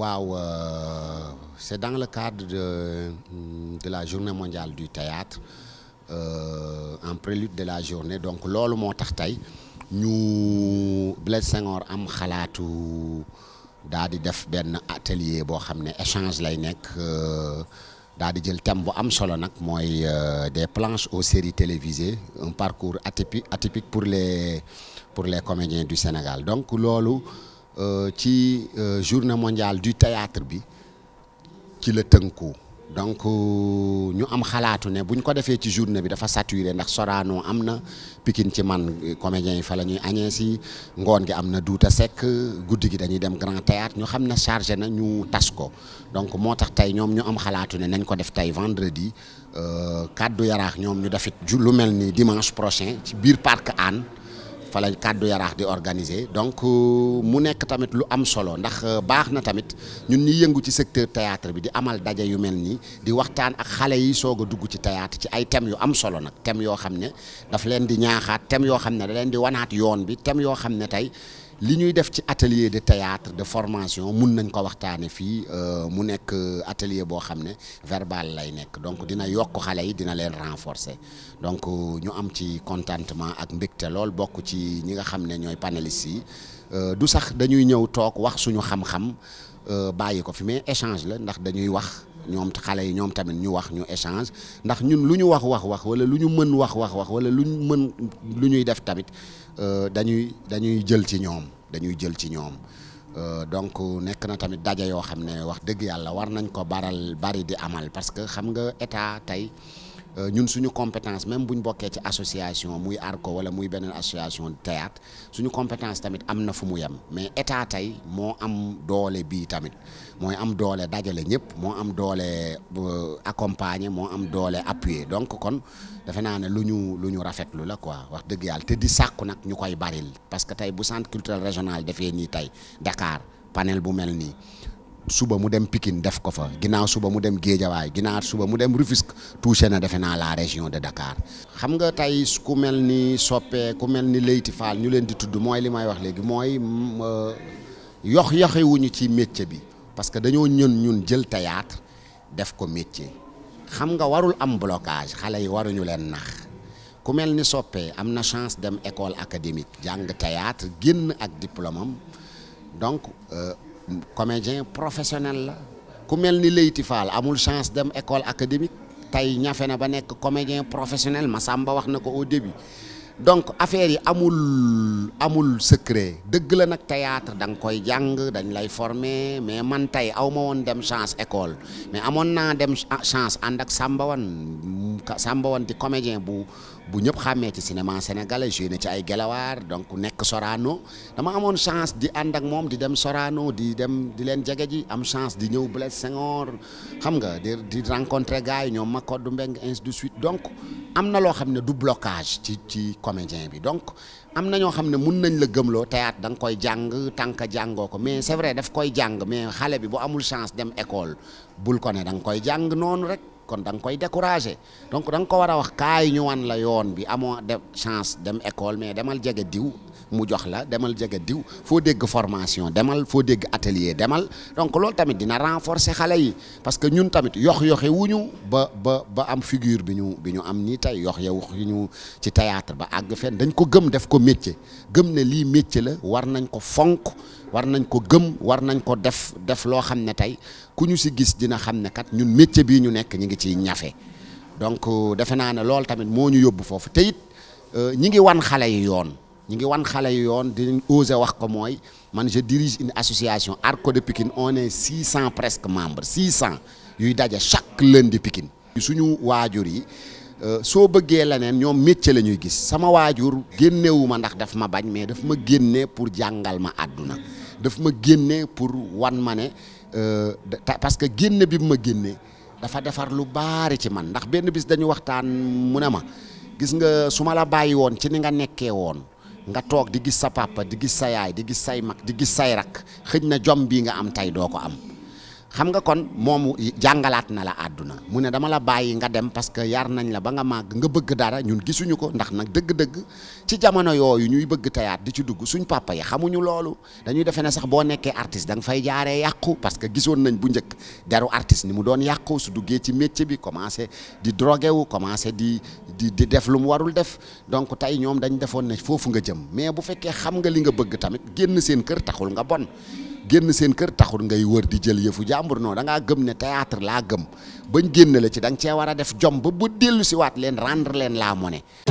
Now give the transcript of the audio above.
waaw euh, c'est dans le cadre de la journée mondiale du théâtre euh, en prélude de la journée donc loolu moo tax tey ñu Blaise Senghor am xalaatu daal di def benn atelier boo xam ne échange lay nekk euh, daal di jël thème bu am solo nag mooy euh, des planches au séries télévisées un parcours atypique pour les pour les comédiens du Sénégal donc loolu. Euh, ci euh, journée mondiale du théâtre bi ci la tënku donc euh, ñu am xalaatu ne bu ñu ko defee ci journée bi dafa saturé ndax soraanoo am na Pikine ci man comédiens yi fa la ñuy añee si ngoon gi am na duuta Seck guddi gi dañuy dem Grand Théâtre ñu xam ne chargé na ñu tas ko donc moo tax tey ñoom ñu am xalaatu ne nañ ko def tey vendredi kàddu yaraax ñoom ñu defit lu mel ni dimanche prochain ci biir park Hann fa la kàddu yaraax di organiser donc euh, mu nekk tamit lu am solo ndax euh, baax na tamit ñun ñi yëngu ci secteur théâtre bi di amal daje yu mel nii di waxtaan ak xale yi soog a dugg ci théâtre ci ay thèmes yu am solo nag thèmes yoo xam ne daf leen di ñaaxaat thèmes yoo xam ne da leen di wanaat yoon bi thèmes yoo xam ne tey li ñuy def ci atelier de théâtre de formation mun nañ ko waxtaane fii euh, mu nekk euh, atelier boo xam ne verbal lay nekk donc dina yokk xale yi dina leen renforcer donc euh, ñu am ci contentement ak mbégte lool bokk ci ñi nga xam ne ñooy panélistes yi du sax dañuy ñëw toog wax suñu xam-xam bàyyi ko fi mais échange la ndax dañuy wax ñoom xale yi ñoom tamit ñu wax ñu échange ndax ñun lu ñu wax wax wax wala lu ñu mën wax wax wax wala lu ñu mën lu ñuy def tamit Euh, dañuy dañuy jël ci ñoom dañuy jël ci ñoom euh, donc nekk na tamit daja yoo xam ne wax dëgg yàlla war nañ ko baral bari di amal parce que xam nga état tey Euh, ñun suñu compétence même bu ñu bokkee ci association muy ARCO wala muy beneen association de théâtre suñu compétence tamit am na fu mu yem mais état tey moo am doole bii tamit mooy am doole dajale ñëpp moo am doole euh, accompagner moo am doole appuyer donc kon defe naa ne lu ñu lu ñu rafetlu la quoi wax dëgg yàlla te di sàkku nag ñu koy baril parce que tey bu centre culturel régional defee nii tey dakaar panel bu mel nii suba mu dem Pikine def ko fa ginnaaw suba mu dem Géejawaay ginaar suba mu dem Rufisque touché na defe naa la région de Dakar xam nga tey ku mel ni soppee ku mel ni Leyti Fall ñu leen di tudd mooy li may wax léegi mooy mm, euh, yox yoxi ci métier bi parce que dañoo ñun ñun jël théâtre def ko métier xam nga warul am blocage xale yi waruñu leen nax ku mel ni soppee am na chance dem école académique jàng théâtre génn ak diplôme donc euh, comédien professionnel la ku mel ni Leyti Fall amul chance dem école académique tey ñafe na ba nekk comédien professionnel samba wax na ko au début donc affaire yi amul amul secret dëgg la nag théâtre da nga koy jàng dañ lay former mais man tey aw ma woon dem chance école mais amoon naa dem chance ànd ak Samba Wan Samba Wan di comédien bu bu ñëpp xàmmee ci cinéma sénégalais joué na ci ay gelawaar donc nekk Sorano dama amoon chance di ànd ak moom di dem Sorano di dem di leen jege ji am chance di ñëw Blaise Senghor xam nga di di rencontrer gars yi ñoom Makodou Mbeng ainsi de suite donc am na loo xam ne du blocage ci ci comédien bi donc am na ñoo xam ne mun nañ la gëmloo théâtre da nga koy jàng tànk jàngoo ko mais c'est vrai daf koy jàng mais xale bi bu amul chance dem école bul ko ne da nga koy jàng noonu kon da nga koy découragé donc da nga ko war a wax kaay ñu wan la yoon bi amoo dem chance dem école mais demal jege diw mu jox la demal jege diw foo dégg formation demal foo dégg atelier demal donc loolu tamit dina renforcer xale yi parce que ñun tamit yox-yoxe wuñu ba ba ba am figure bi ñu bi ñu am nii tey yox ñu ci théâtre ba àgg fenn dañ ko gëm def ko métier gëm ne lii métier la war nañ ko fonk war nañ ko gëm war nañ ko def def loo xam ne tey ku ñu si gis dina xam ne kat ñun métier bii ñu nekk ñu ngi ciy ñafe donc euh, defe naa ne loolu tamit moo ñu yóbbu foofu te it euh, ñi ngi wan xale yi yoon ñi ngi wan xale yi yoon dinañ oser wax ko mooy man je dirige une association Arco de Pikine on est 600 presque membres 600 yuy daje chaque lundi Pikine suñu waajur yi euh, soo bëggee leneen ñoom métier la ñuy gis sama waajur génnewu ma ndax daf ma bañ mais dafa ma génne pour jàngal ma àdduna daf ma génne pour wan ma ne euh, parce que génne bi ma génne dafa defar lu baari ci man ndax benn bis dañu waxtaan mu ne ma gis nga su ma la bàyyi woon ci ni nga nekkee woon nga toog di gis sa papa di gis sa yaay di gis say mag di gis say rak xëj na jom bii nga am tey doo ko am xam nga kon moomu jàngalaat na la àdduna mu ne dama la bàyyi nga dem parce que yar nañ la ba nga màgg nga bëgg dara ñun gisuñu ko ndax nag dëgg-dëgg ci jamono yooyu ñuy bëgg tayaat di ci dugg suñ papa yi xamuñu loolu dañuy defee na sax boo nekkee artiste da fay jaaree yàqu parce que gisoon nañ bu njëkk deru artiste ni mu doon yàqu su duggee ci métier bi commencé di drogué wu commencé di di di def lu mu warul def donc tey ñoom dañ defoon ne foofu nga jëm mais bu fekkee xam nga li nga bëgg tamit génn seen kër taxul nga bon génn seen kër taxul ngay wër di jël yëfu jàmbur non gëm ne théâtre laa gëm bañ génn la ci da nga cee war a def jom ba bu dellu si waat leen rendre leen la mone